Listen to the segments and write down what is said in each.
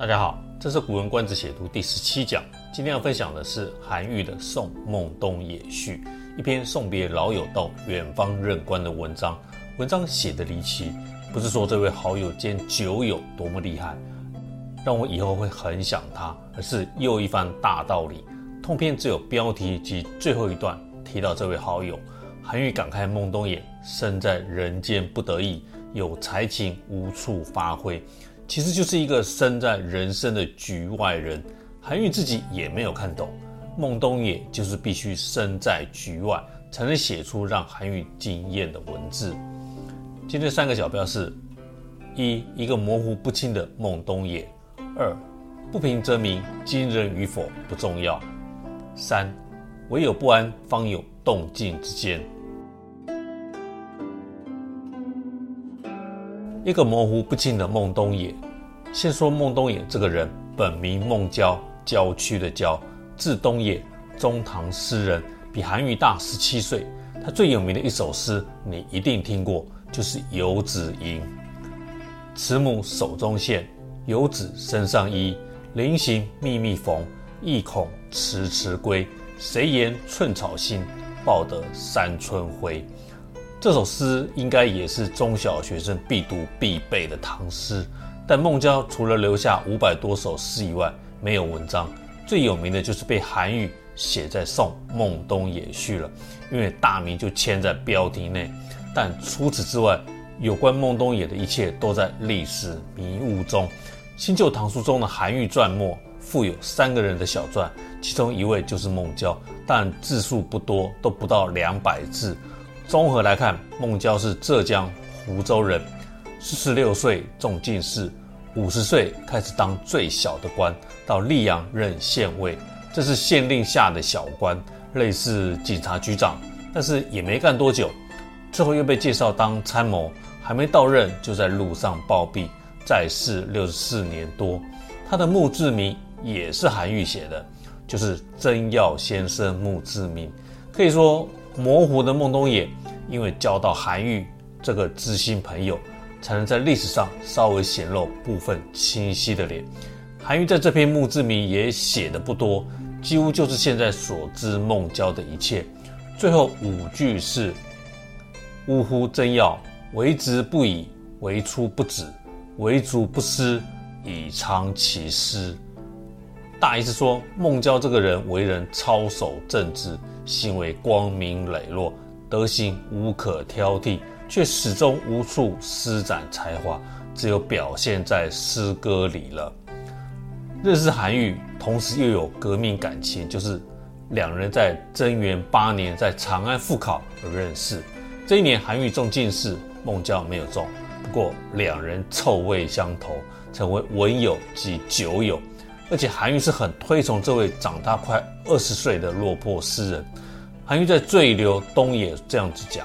大家好，這是《古文觀止》寫讀第十七講。今天要分享的是韓愈的《送孟東野序》，一篇送別老友到遠方任官的文章。文章寫得離奇，不是說這位好友兼酒友多麼厲害，讓我以後會很想他，而是又一番大道理。通篇只有標題及最後一段提到這位好友。韓愈感慨孟東野身在人間不得意，有才情無處發揮。其實就是一個身在人生的局外人，韓癒自己也沒有看懂。孟東野就是必須身在局外，才能寫出讓韓癒驚豔的文字。今天三個小標是：一、一個模糊不清的孟東野；二、不平則鳴，驚人與否不重要；三、唯有不安，方有動靜之間。一個模糊不清的孟東野。先說孟東野這個人，本名孟郊，郊區的郊，字東野，中唐詩人，比韓愈大十七歲。他最有名的一首詩，你一定聽過，就是《遊子吟》：“慈母手中線，遊子身上衣。臨行密密縫，意恐遲遲歸。誰言寸草心，報得三春暉。”這首詩應該也是中小學生必讀必背的唐詩。但孟郊除了留下五百多首詩以外，沒有文章。最有名的就是被韓愈寫在《送孟東野序》了，因為大名就簽在標題內。但除此之外，有關孟東野的一切都在歷史迷霧中。新舊唐書中的韓愈傳末附有三個人的小傳，其中一位就是孟郊，但字數不多，都不到兩百字。綜合來看，孟郊是浙江湖州人，四十六歲中進士。五十歲開始當最小的官，到溧陽任縣尉，這是縣令下的小官，類似警察局長，但是也沒幹多久，最後又被介紹當參謀，還沒到任就在路上暴斃，在世六十四年多。他的墓誌銘也是韓愈寫的，就是《貞曜先生墓誌銘》。可以說，模糊的孟東野，因為交到韓愈這個知心朋友，才能在歷史上稍微顯露部分清晰的臉。韓愈在這篇墓志銘也寫的不多，幾乎就是現在所知孟郊的一切。最後五句是：“嗚呼，真要為之不已，為出不止，為主不失，以藏其失。”大意思說，孟郊這個人為人操守正直，行為光明磊落，德行無可挑剔。卻始終無處施展才華，只有表現在詩歌裡了。認識韓愈，同時又有革命感情，就是兩人在貞元八年在長安赴考而認識。這一年韓愈中進士，孟郊沒有中。不過兩人臭味相投，成為文友及酒友。而且韓愈是很推崇這位長大快二十歲的落魄詩人。韓愈在《醉留東野》這樣子講。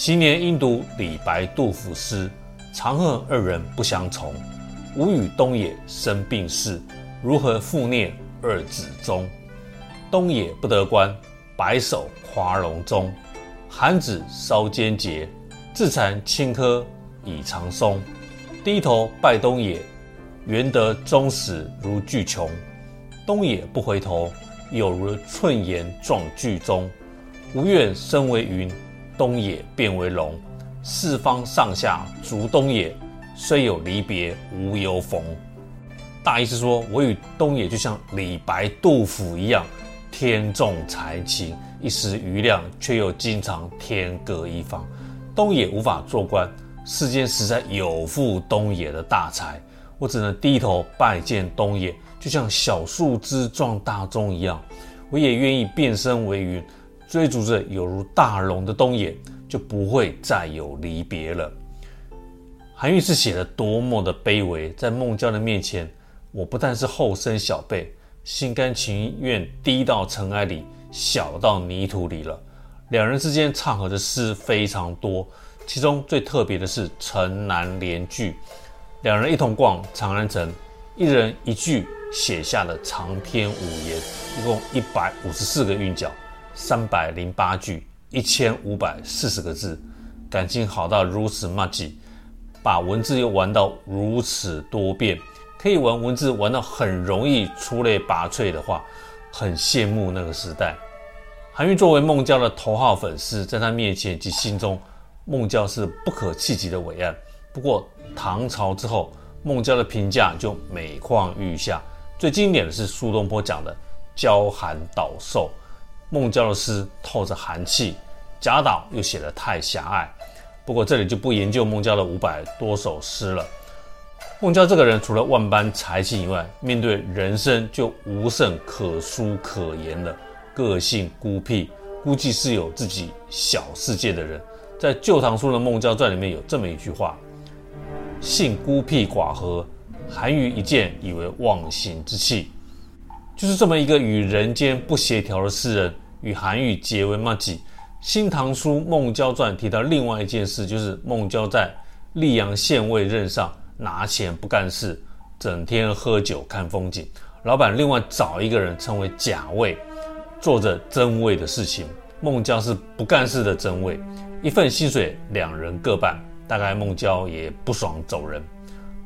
昔年因讀李白、杜甫詩，長恨二人不相從。吾與東野生並世，如何復念二子中？東野不得官，白首華龍中。韓子稍間節，自慚青柯已長松。低頭拜東野，願得終始如巨瓊。東野不回頭，有如寸言撞巨鐘。吾願身為雲，東野變為龍，四方上下逐東野，雖有離別無由逢。大意是說，我與東野就像李白、杜甫一樣，天縱才情，一時瑜亮，卻又經常天各一方。東野無法做官，世間實在有負東野的大才，我只能低頭拜見東野，就像小樹枝撞大鐘一樣，我也願意變身為雲。追逐着有如大龍的東野，就不會再有離別了。韓愈是寫的多麼的卑微，在孟郊的面前，我不但是後生小輩，心甘情願低到塵埃裡，小到泥土裡了。兩人之間唱和的詩非常多，其中最特別的是《城南聯句》，兩人一同逛長安城，一人一句寫下了長篇五言，一共一百五十四個韻腳。三百零八句，一千五百四十個字，感情好到如此麻吉，把文字又玩到如此多變，可以玩文字玩到很容易出類拔萃的話，很羨慕那個時代。韓愈作為孟郊的頭號粉絲，在他面前及心中，孟郊是不可企及的偉岸。不過唐朝之後，孟郊的評價就每況愈下。最經典的是蘇東坡講的導“郊寒島瘦”。孟郊的詩透着寒氣，賈島又寫得太狹隘。不過這裡就不研究孟郊的五百多首詩了。孟郊這個人除了萬般才氣以外，面對人生就無甚可書可言了。個性孤僻，估計是有自己小世界的人。在《舊唐書》的《孟郊傳》裡面有這麼一句話：“性孤僻寡合，韓愈一見，以為忘形之契。就是這麼一個與人間不協調的詩人，與韓愈結為麻吉。《新唐書·孟郊傳》提到另外一件事，就是孟郊在溧陽縣尉任上拿錢不幹事，整天喝酒看風景。老板另外找一個人稱為假尉，做着真尉的事情。孟郊是不幹事的真尉，一份薪水兩人各半，大概孟郊也不爽走人。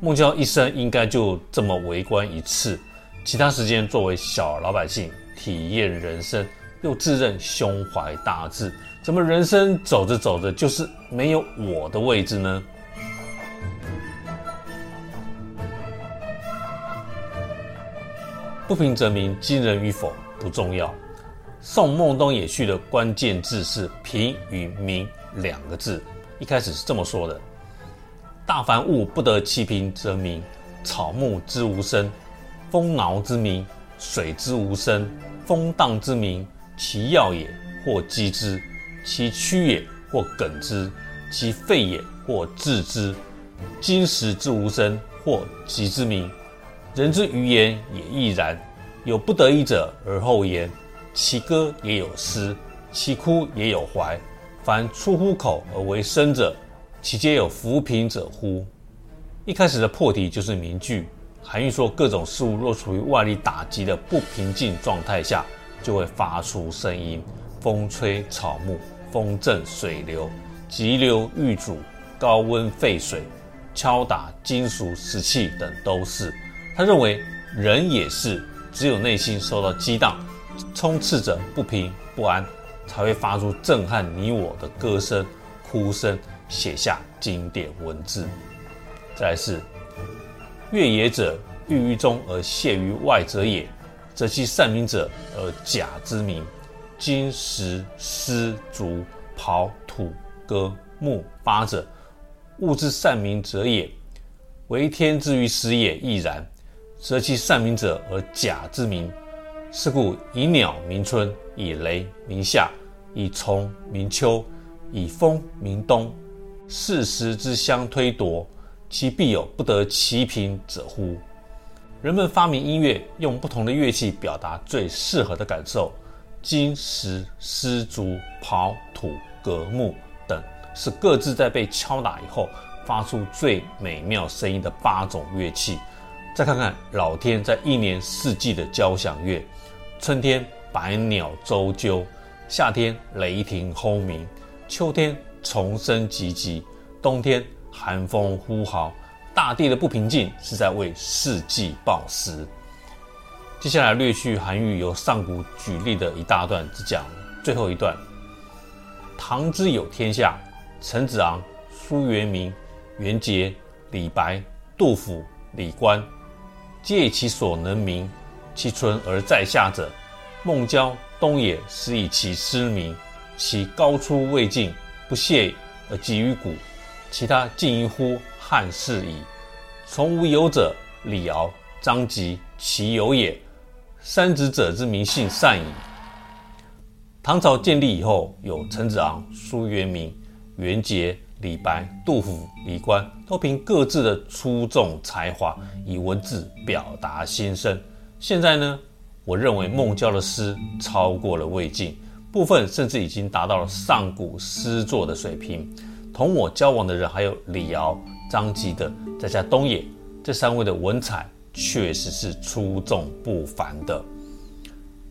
孟郊一生應該就這麼為官一次。其他時間作為小老百姓體驗人生，又自認胸懷大志，怎麼人生走着走着就是沒有我的位置呢？不平則鳴，驚人與否不重要。送孟東野序的關鍵字是“平”與“鳴”兩個字。一開始是這麼說的：“大凡物不得其平則鳴，草木之無聲。”風撓之鳴，水之無聲；風蕩之鳴，其要也或擊之，其曲也或梗之，其沸也或炙之。金石之無聲，或擊之鳴。人之於言也亦然，有不得已者而後言，其歌也有思，其哭也有懷。凡出乎口而為聲者，其皆有弗平者乎？一開始的破題就是名句。韓癒說，各種事物若處於外力打擊的不平靜狀態下，就會發出聲音。風吹草木，風震水流，急流遇阻，高溫沸水，敲打金屬石器等都是。他認為，人也是，只有內心受到激盪，充斥着不平不安，才會發出震撼你我的歌聲、哭聲，寫下經典文字。再來是。樂也者，鬱於中而泄於外者也；擇其善鳴者而假之鳴。金石絲竹匏土革木八者，物之善鳴者也。維天之於時也，亦然；擇其善鳴者而假之鳴。是故以鳥鳴春，以雷鳴夏，以蟲鳴秋，以風鳴冬。四時之相推奪。其必有不得其平者乎？人們發明音樂，用不同的樂器表達最適合的感受。金石絲竹匏土革木等，是各自在被敲打以後發出最美妙聲音的八種樂器。再看看老天在一年四季的交響樂：春天百鳥啁啾，夏天雷霆轟鳴，秋天蟲聲唧唧，冬天，寒風呼號，大地的不平靜是在為四季報時。接下來略去韓愈由上古舉例的一大段，只講最後一段：唐之有天下，陳子昂、蘇源明、元結、李白、杜甫、李觀，皆以其所能鳴其存而在下者；孟郊、東野，始以其詩鳴，其高出魏晉，不懈而及於古。其他浸淫乎漢氏矣。從吾遊者，李翱、張籍，其有也。三子者之鳴信善矣。唐朝建立以後，有陳子昂、蘇源明、元結、李白、杜甫、李觀，都憑各自的出眾才華，以文字表達心聲。現在呢，我認為孟郊的詩超過了魏晉，部分甚至已經達到了上古詩作的水平。同我交往的人，還有李翱、張籍等，再加東野，這三位的文采確實是出眾不凡的。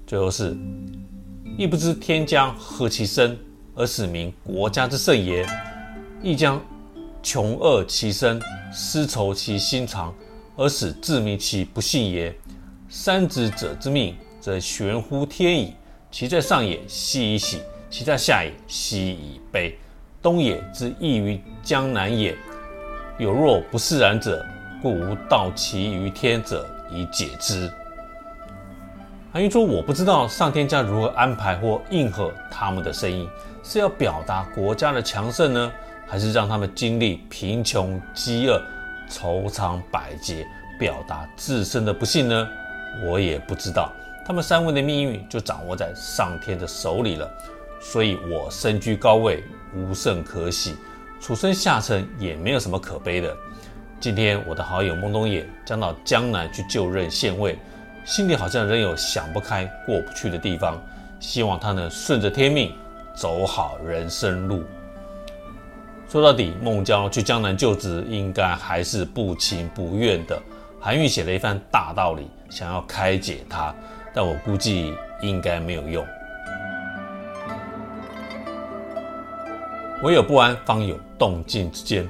最後是，抑不知天將和其聲，而使鳴國家之盛也；抑將窮餓其身，思愁其心腸，而使自鳴其不幸也。三子者之命，則懸乎天矣。其在上也，奚以喜？其在下也，奚以悲，奚以悲？東野之役於江南也，有若不釋然者，故吾道其於天者以解之。韓愈說：“我不知道上天將如何安排或應和他們的聲音，是要表達國家的強盛呢，還是讓他們經歷貧窮、飢餓、愁腸百結，表達自身的不幸呢？我也不知道。他們三位的命運就掌握在上天的手裡了。”所以我身居高位無甚可喜，出身下層也沒有什麼可悲的。今天我的好友孟東野將到江南去就任縣尉，心裡好像仍有想不開、過不去的地方。希望他能順着天命，走好人生路。說到底，孟郊去江南就職應該還是不情不願的。韓愈寫了一番大道理，想要開解他，但我估計應該沒有用。唯有不安，方有動靜之間。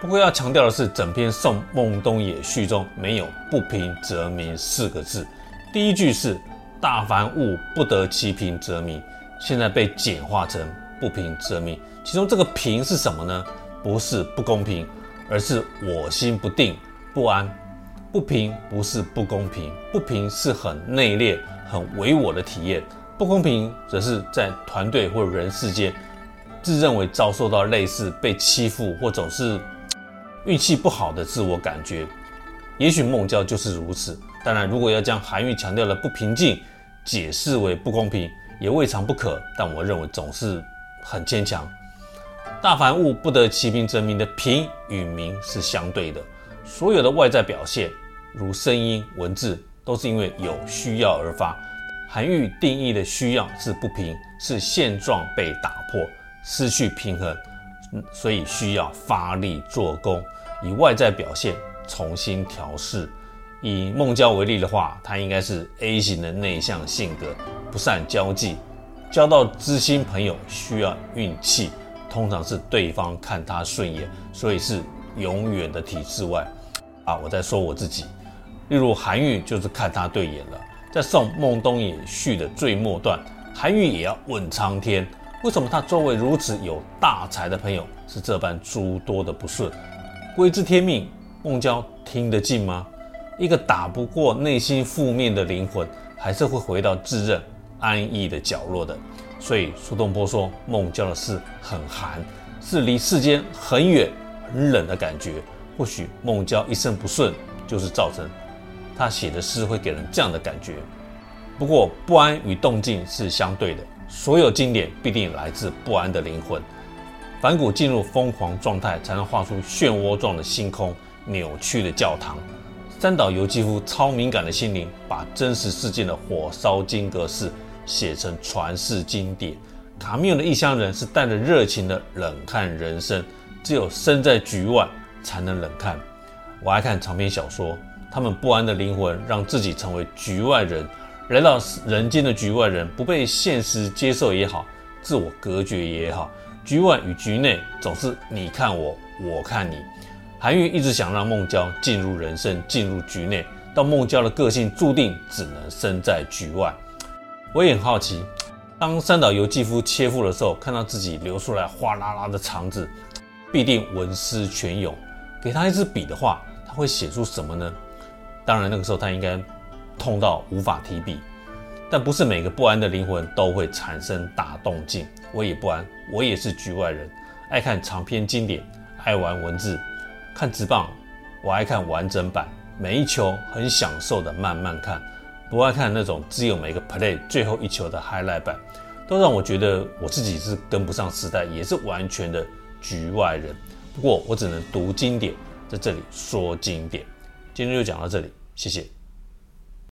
不過要強調的是，整篇《送孟東野序》中沒有“不平則鳴”四個字。第一句是“大凡物不得其平則鳴”，現在被簡化成“不平則鳴”。其中這個“平”是什麼呢？不是不公平，而是我心不定、不安。不平不是不公平，不平是很內斂、很唯我的體驗；不公平則是在團隊或人世間。自認為遭受到類似被欺負或總是運氣不好的自我感覺，也許孟郊就是如此。當然，如果要將韓愈強調的不平靜解釋為不公平，也未嘗不可。但我認為總是很牽強。「大凡物不得其平則鳴」的平與鳴是相對的，所有的外在表現如聲音、文字，都是因為有需要而發。韓愈定義的需要是不平，是現狀被打破。失去平衡，所以需要發力做工，以外在表現重新調試。以孟郊為例的話，他應該是 A 型的內向性格，不善交際，交到知心朋友需要運氣，通常是對方看他順眼，所以是永遠的體制外。啊，我在說我自己。例如韓愈就是看他對眼了，在《送孟東野序》的最末段，韓愈也要問蒼天。為什麼他作為如此有大才的朋友是這般諸多的不順？歸之天命，孟郊聽得進嗎？一個打不過內心負面的靈魂，還是會回到自認安逸的角落的。所以蘇東坡說孟郊的詩很寒，是離世間很遠很冷的感覺。或許孟郊一生不順，就是造成他寫的詩會給人這樣的感覺。不過不安與動靜是相對的。所有經典必定來自不安的靈魂。梵谷進入瘋狂狀態，才能畫出漩渦狀的星空、扭曲的教堂。三島由紀夫超敏感的心靈，把真實事件的火燒金閣寺寫成傳世經典。卡繆的《異鄉人》是帶着熱情的冷看人生，只有身在局外才能冷看。我愛看長篇小說，他們不安的靈魂，讓自己成為局外人。來到人間的局外人，不被現實接受也好，自我隔絕也好，局外與局內總是你看我，我看你。韓愈一直想讓孟郊進入人生，進入局內，但孟郊的個性注定只能身在局外。我也很好奇，當三島由紀夫切腹的時候，看到自己流出來嘩啦啦的腸子，必定文思泉湧。給他一支筆的話，他會寫出什麼呢？當然，那個時候他應該，痛到無法提筆，但不是每個不安的靈魂都會產生大動靜。我也不安，我也是局外人，愛看長篇經典，愛玩文字，看職棒，我愛看完整版，每一球很享受的慢慢看，不愛看那種只有每個 play 最後一球的 highlight 版，都讓我覺得我自己是跟不上時代，也是完全的局外人。不過我只能讀經典，在這裡說經典。今天就講到這裡，謝謝。